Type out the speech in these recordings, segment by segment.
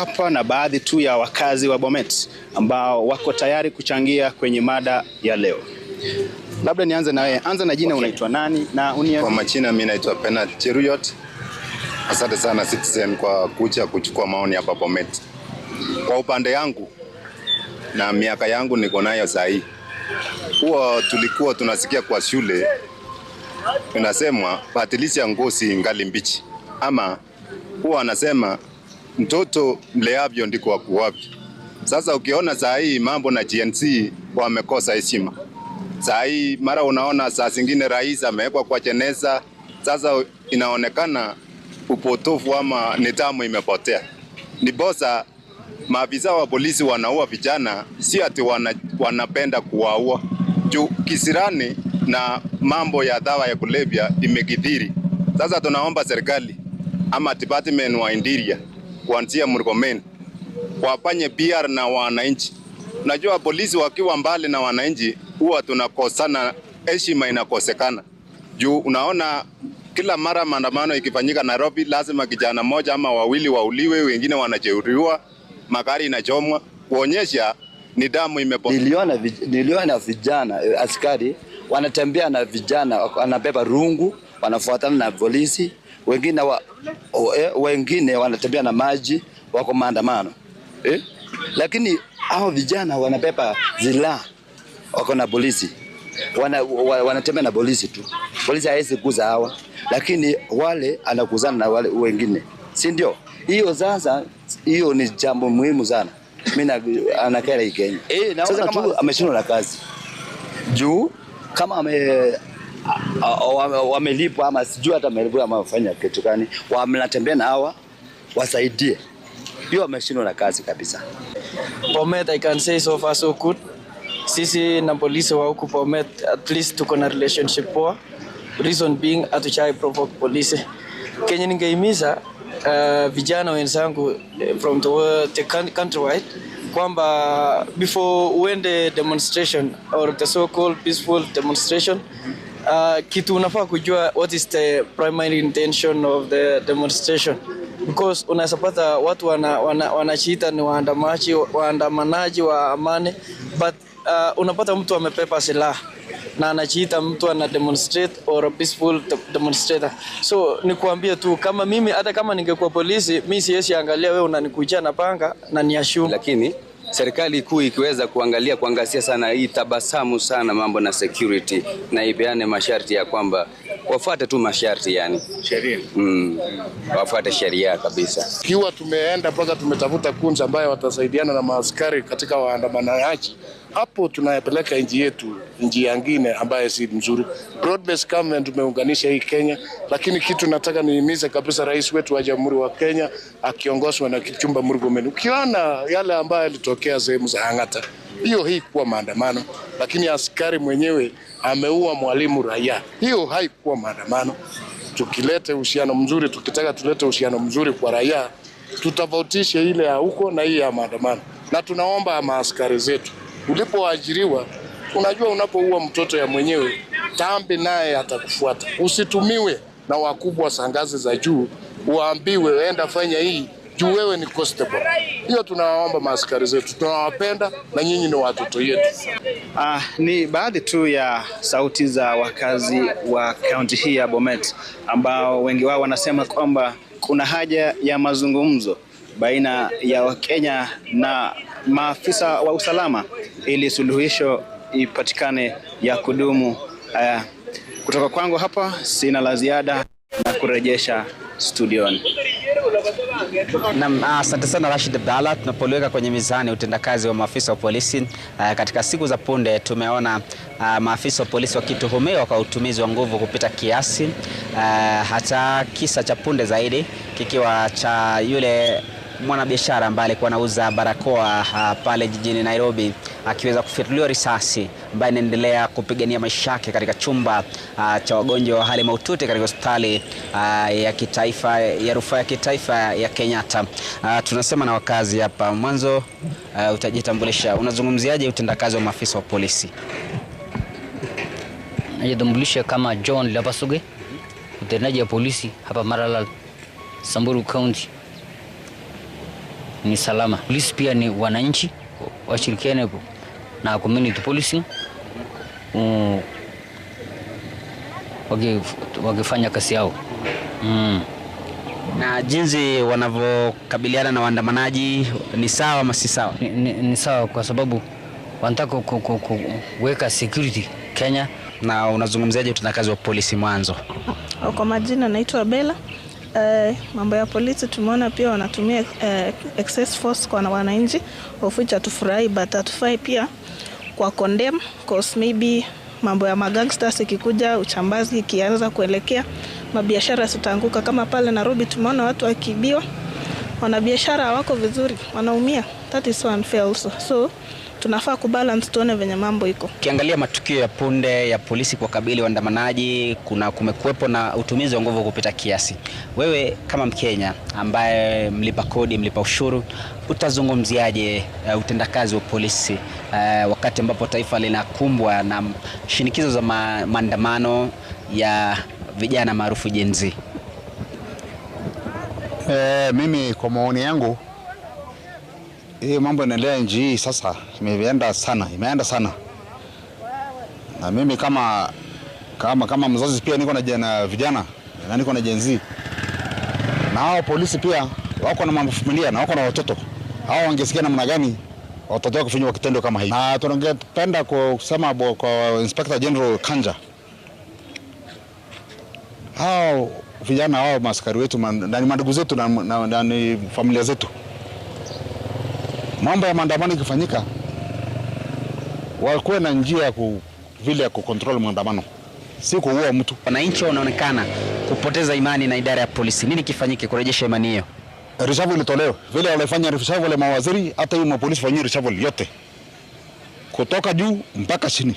hapa na baadhi tu ya wakazi wa Bomet ambao wako tayari kuchangia kwenye mada ya leo. Labda nianze na wewe. Anza na jina, okay. Unaitwa nani na unia... Kwa majina mimi naitwa Penat Cheruyot. Asante sana Citizen kwa kuja kuchukua maoni hapa Bomet. Kwa upande yangu na miaka yangu niko nayo sahi, huwa tulikuwa tunasikia kwa shule inasemwa batilisha ya ngozi ngali mbichi, ama huwa anasema mtoto mleavyo ndiko akuavyo. Sasa ukiona saa hii mambo na GNC wamekosa heshima saa hii, mara unaona saa zingine rais amewekwa kwa jeneza. Sasa inaonekana upotofu ama nidhamu imepotea. Ni bosa maafisa wa polisi wanaua vijana, si ati wana, wanapenda kuwaua juu kisirani na mambo ya dawa ya kulevya imekithiri. Sasa tunaomba serikali ama department wa Interior kuanzia Murkomen wafanye PR na wananchi. Najua polisi wakiwa mbali na wananchi huwa tunakosana, heshima inakosekana. Juu unaona kila mara maandamano ikifanyika Nairobi, lazima kijana moja ama wawili wauliwe, wengine wanajeruhiwa, magari inachomwa, kuonyesha ni damu imepotea. Niliona, niliona vijana eh, askari wanatembea na vijana wanabeba rungu, wanafuatana na polisi wengine, wa, eh, wengine wanatembea na maji wako maandamano e? Lakini hao vijana wanabeba zila wako na polisi wana, wa, wanatembea na polisi tu. Polisi hawezi kuza hawa, lakini wale anakuzana na wale wengine, si ndio? Hiyo sasa, hiyo ni jambo muhimu sana. Mimi anakera Kenya eh, sasa kama ameshindwa na kazi juu kama ame Ah, ah, wamelipwa ama sijui hata wamelipwa ama wafanya kitu gani, wanatembea na hawa wasaidie. Hiyo wameshindwa na kazi kabisa. Bomet, I can say so far so good. Sisi na polisi wa huku Bomet at least tuko na relationship poa. Reason being atuchai provoke polisi. Kenya ningeimiza uh, vijana wenzangu eh, from the, world, the country wide kwamba before uende demonstration or the so called peaceful demonstration Uh, kitu unafaa kujua what is the primary intention of the demonstration because unaweza pata watu wanachiita wana, wana ni waandamanaji wa amani but uh, unapata mtu amepepa silaha na anajiita mtu ana demonstrate or a peaceful demonstrator. So nikuambie tu kama mimi hata kama ningekuwa polisi, mi siwezi angalia wewe unanikujia na panga na niashumu lakini serikali kuu ikiweza kuangalia kuangazia sana hii tabasamu sana mambo na security, na ipeane masharti ya kwamba wafuate tu masharti yani sheria mm, wafuate sheria kabisa. Ikiwa tumeenda mpaka tumetafuta kunzi ambayo watasaidiana na maaskari katika waandamanaji hapo tunayapeleka nchi yetu nchi yangine ambayo si mzuri. Broad based government tumeunganisha hii Kenya, lakini kitu nataka nihimize kabisa, rais wetu wa Jamhuri wa Kenya akiongozwa na Kipchumba Murkomen, ukiona yale ambayo yalitokea sehemu za Hang'ata, hiyo haikuwa maandamano, lakini askari mwenyewe ameua mwalimu raia, hiyo haikuwa maandamano. Tukilete uhusiano mzuri, tukitaka tulete uhusiano mzuri kwa raia, tutofautishe ile ya huko na hii ya maandamano, na tunaomba maaskari zetu ulipoajiriwa, unajua unapoua mtoto ya mwenyewe tambi naye atakufuata. Usitumiwe na wakubwa za ngazi za juu, uambiwe enda fanya hii juu wewe ni constable. Hiyo tunawaomba maaskari zetu, tunawapenda na nyinyi ni watoto yetu. Ah, ni baadhi tu ya sauti za wakazi wa kaunti hii ya Bomet ambao wengi wao wanasema kwamba kuna haja ya mazungumzo baina ya Wakenya na maafisa wa usalama ili suluhisho ipatikane ya kudumu. Uh, kutoka kwangu hapa sina la ziada na kurejesha studioni. Nam, asante sana Rashid Abdalla. Tunapoliweka kwenye mizani utendakazi wa maafisa wa polisi uh, katika siku za punde tumeona uh, maafisa wa polisi wakituhumiwa kwa utumizi wa nguvu kupita kiasi uh, hata kisa cha punde zaidi kikiwa cha yule mwanabiashara ambaye alikuwa anauza barakoa ah, pale jijini Nairobi akiweza uh, kufyatuliwa risasi ambaye inaendelea kupigania maisha yake katika chumba ah, cha wagonjwa wa hali mahututi katika hospitali ah, ya kitaifa ya rufaa ya kitaifa ya Kenyatta. tunasema na wakazi hapa mwanzo, utajitambulisha, unazungumziaje utendakazi wa maafisa wa polisi? Najitambulisha kama John Lapasuge, mtendaji wa polisi hapa Maralal, Samburu County ni salama. Polisi pia ni wananchi, washirikiane na community policing um, wakifanya kazi yao mm. Na jinsi wanavyokabiliana na waandamanaji ni sawa ama si sawa? Ni, ni, ni sawa kwa sababu wanataka kuweka security Kenya. Na unazungumziaje utendakazi wa polisi Mwanzo? Kwa majina naitwa Bella eh, mambo ya polisi tumeona pia wanatumia eh, excess force kwa wananchi, of which hatufurahi, but hatufai pia kwa condemn cause maybe mambo ya magangsters ikikuja, uchambazi ikianza kuelekea, mabiashara zitaanguka. Kama pale Nairobi tumeona watu wakiibiwa, wanabiashara hawako vizuri, wanaumia. That is unfair also so tunafaa kubalance, tuone venye mambo iko. Ukiangalia matukio ya punde ya polisi kwa kabili waandamanaji, kuna kumekuwepo na utumizi wa nguvu kupita kiasi. Wewe kama Mkenya ambaye mlipa kodi, mlipa ushuru, utazungumziaje uh, utendakazi wa polisi uh, wakati ambapo taifa linakumbwa na shinikizo za ma maandamano ya vijana maarufu jenzi Eh, mimi kwa maoni yangu hii eh, mambo inaendelea nchi hii sasa imeenda sana, imeenda sana, na mimi kama, kama, kama mzazi pia niko na vijana na niko na jenzi na hao polisi pia wako na familia na wako na watoto, hao wangesikia namna gani watoto wao kufanywa kitendo kama hiki. Na tunangependa kusema kwa Inspector General Kanja, hao vijana hao maskari wetu na ndugu zetu na na familia zetu mambo ya maandamano ikifanyika, wakuwe na njia ya vile ya kucontrol maandamano, si kuua mtu. Wananchi wanaonekana kupoteza imani na idara ya polisi. Nini kifanyike kurejesha imani hiyo? Reshuffle ilitolewa vile walifanya wale mawaziri, hata hiyo mapolisi fanyie reshuffle yote kutoka juu mpaka chini.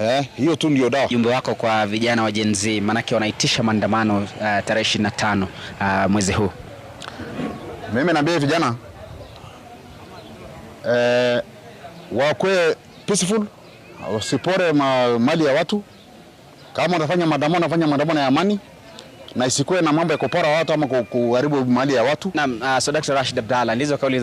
Eh, hiyo tu ndio dawa. Jumbe wako kwa vijana wa Gen Z, maanake wanaitisha maandamano uh, tarehe 25 uh, eh, mwezi huu. Mimi naambia vijana eh, wakuwe peaceful, usipore ma, mali ya watu. Kama unafanya maandamano, nafanya maandamano ya amani na isikuwe na mambo ya kupora watu ama kuharibu mali ya watu. Naam, uh, so Dr. Rashid Abdalla, ndizo kauli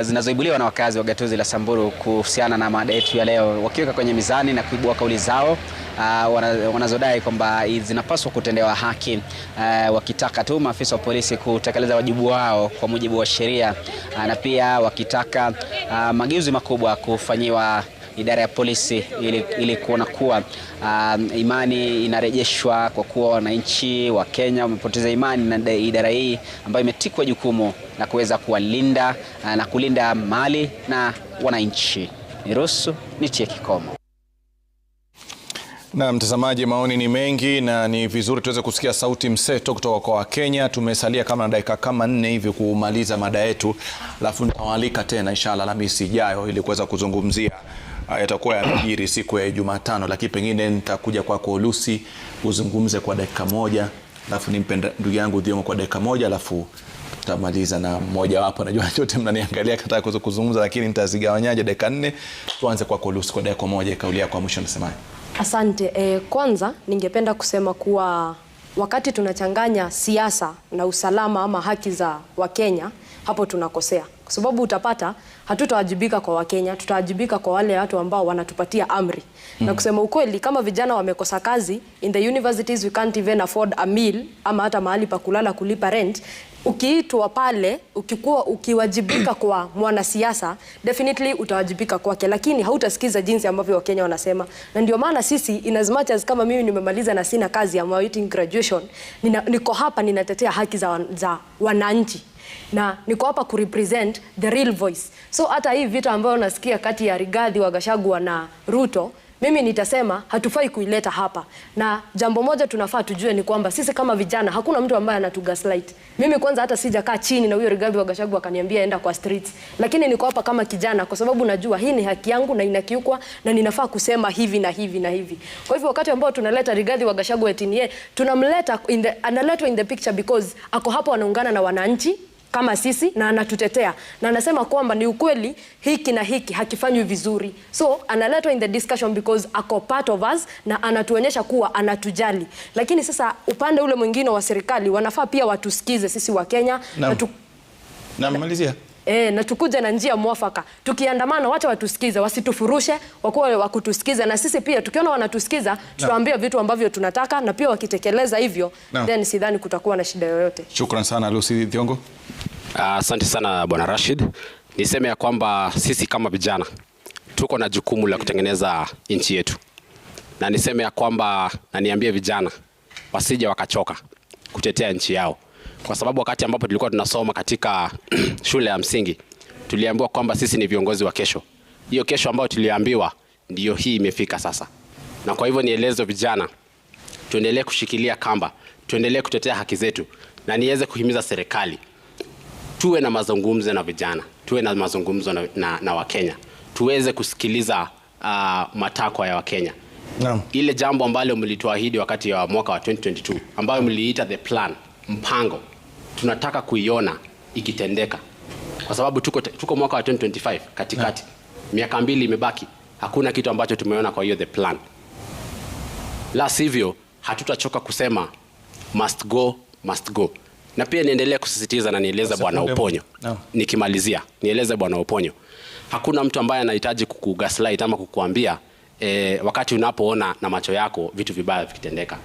zinazoibuliwa na wakazi wa gatuzi la Samburu kuhusiana na mada yetu ya leo, wakiweka kwenye mizani na kuibua kauli zao uh, wanazodai kwamba zinapaswa kutendewa haki uh, wakitaka tu maafisa wa polisi kutekeleza wajibu wao kwa mujibu wa sheria Ah, na pia wakitaka uh, mageuzi makubwa kufanyiwa idara ya polisi ili, ili kuona kuwa uh, imani inarejeshwa kwa kuwa wananchi wa Kenya wamepoteza imani na idara hii ambayo imetikwa jukumu la kuweza kuwalinda uh, na kulinda mali na wananchi. Niruhusu nitie kikomo. Na mtazamaji, maoni ni mengi na ni vizuri tuweze kusikia sauti mseto kutoka kwa Wakenya. Tumesalia kama na dakika kama nne hivi kumaliza mada yetu, alafu nitawaalika tena inshallah Alhamisi ijayo ili kuweza kuzungumzia ah, yatakuwa yanajiri siku ya Jumatano, lakini pengine nitakuja kwako kwa Lucy uzungumze kwa dakika moja, alafu nimpe ndugu yangu Dhiomo kwa dakika moja, alafu tamaliza na mmoja wapo. Najua yote mnaniangalia kataa kuweza kuzungumza, lakini nitazigawanyaje dakika nne? Tuanze kwako Lucy kwa dakika moja, kauli yako ya mwisho nasemaje? Asante. E, kwanza ningependa kusema kuwa wakati tunachanganya siasa na usalama ama haki za Wakenya hapo tunakosea, kwa sababu utapata hatutawajibika kwa Wakenya, tutawajibika kwa wale watu ambao wanatupatia amri mm. Na hmm. kusema ukweli, kama vijana wamekosa kazi in the universities, we can't even afford a meal ama hata mahali pa kulala kulipa rent Ukiitwa pale ukikuwa ukiwajibika kwa mwanasiasa definitely utawajibika kwake, lakini hautasikiza jinsi ambavyo Wakenya wanasema. Na ndio maana sisi, in as much as kama mimi nimemaliza na sina kazi, I'm awaiting graduation, nina, niko hapa ninatetea haki za, za wananchi na niko hapa ku represent the real voice. So hata hii vita ambayo nasikia kati ya Rigathi wa Gachagua na Ruto mimi nitasema hatufai kuileta hapa, na jambo moja tunafaa tujue ni kwamba sisi kama vijana, hakuna mtu ambaye anatugaslight. Mimi kwanza hata sijakaa chini na huyo Rigathi wa Gachagua akaniambia enda kwa streets, lakini niko hapa kama kijana kwa sababu najua hii ni haki yangu na inakiukwa na ninafaa kusema hivi na hivi na hivi. Kwa hivyo wakati ambao tunaleta Rigathi wa Gachagua etinie, tunamleta in the, analetwa in the picture because ako hapo anaungana na wananchi kama sisi na anatutetea na anasema kwamba ni ukweli hiki na hiki hakifanywi vizuri, so analetwa in the discussion because ako part of us na anatuonyesha kuwa anatujali. Lakini sasa upande ule mwingine wa serikali wanafaa pia watusikize sisi wa Kenya na, na tu... na, na, E, na tukuja na njia mwafaka. Tukiandamana wacha watusikize, wasitufurushe, wakuwa wakutusikiza na sisi pia tukiona wanatusikiza tutawaambia vitu ambavyo tunataka na pia wakitekeleza hivyo no. Then sidhani kutakuwa na shida yoyote. Shukrani sana Lucy Thiongo. Asante uh, sana Bwana Rashid. Niseme ya kwamba sisi kama vijana tuko na jukumu la kutengeneza nchi yetu. Na niseme ya kwamba na niambie vijana wasije wakachoka kutetea nchi yao kwa sababu wakati ambapo tulikuwa tunasoma katika shule ya msingi tuliambiwa kwamba sisi ni viongozi wa kesho. Hiyo kesho ambayo tuliambiwa ndiyo hii imefika sasa, na kwa hivyo nielezo vijana, tuendelee kushikilia kamba, tuendelee kutetea haki zetu, na niweze kuhimiza serikali tuwe na mazungumzo na vijana, tuwe na mazungumzo na, na, na Wakenya, tuweze kusikiliza uh, matakwa ya Wakenya. Ile jambo ambalo mlituahidi wakati wa mwaka wa 2022 ambayo mliita the plan, mpango tunataka kuiona ikitendeka, kwa sababu tuko, tuko mwaka wa 2025 katikati yeah. Miaka mbili imebaki, hakuna kitu ambacho tumeona. Kwa hiyo the plan, la sivyo hatutachoka kusema must go, must go. Na pia niendelee kusisitiza na nieleze Bwana Uponyo no. Nikimalizia nieleze Bwana Uponyo, hakuna mtu ambaye anahitaji kukugaslight ama kukuambia e, wakati unapoona na macho yako vitu vibaya vikitendeka,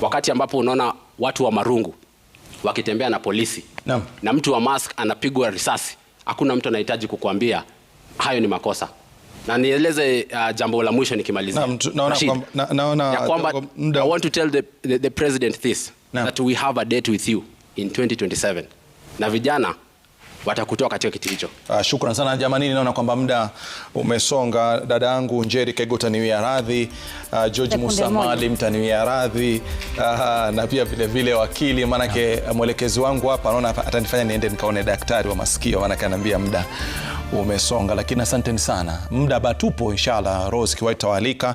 wakati ambapo unaona watu wa marungu wakitembea na polisi no. na mtu wa mask anapigwa risasi, hakuna mtu anahitaji kukuambia hayo ni makosa. Na nieleze uh, jambo la mwisho nikimaliza, I want to tell the, the, the president this no. that we have a date with you in 2027 na vijana watakutoa katika kiti hicho. Uh, shukran sana jamani, naona kwamba muda umesonga. Dada yangu Njeri Kego taniwia radhi, uh, George Musa Mali mtaniwia radhi, uh, na pia vile vile wakili, maanake mwelekezi wangu hapa anaona atanifanya niende nikaone daktari wa masikio, maanake anaambia muda umesonga, lakini asanteni sana. Muda batupo, inshallah Rose itawalika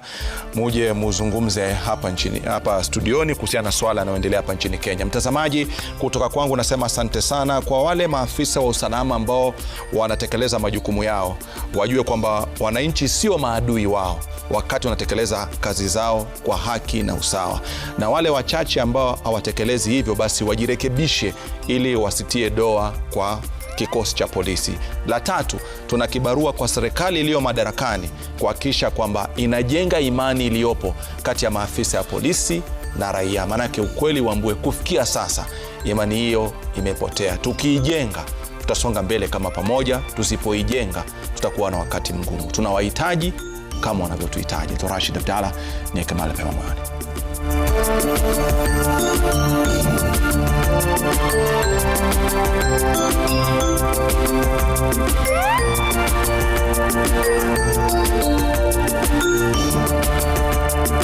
muje muzungumze hapa nchini hapa studioni kuhusiana na swala yanayoendelea hapa nchini Kenya. Mtazamaji, kutoka kwangu nasema asante sana kwa wale maafisa wa usalama ambao wanatekeleza majukumu yao, wajue kwamba wananchi sio maadui wao wakati wanatekeleza kazi zao kwa haki na usawa, na wale wachache ambao hawatekelezi hivyo, basi wajirekebishe ili wasitie doa kwa kikosi cha polisi. La tatu, tuna kibarua kwa serikali iliyo madarakani kuhakikisha kwamba inajenga imani iliyopo kati ya maafisa ya polisi na raia, maanake ukweli uambue, kufikia sasa imani hiyo imepotea. Tukiijenga tutasonga mbele kama pamoja, tusipoijenga tutakuwa na wakati mgumu. Tunawahitaji kama wanavyotuhitaji. Rashid Abdalla ni pema mwani. Ella se llama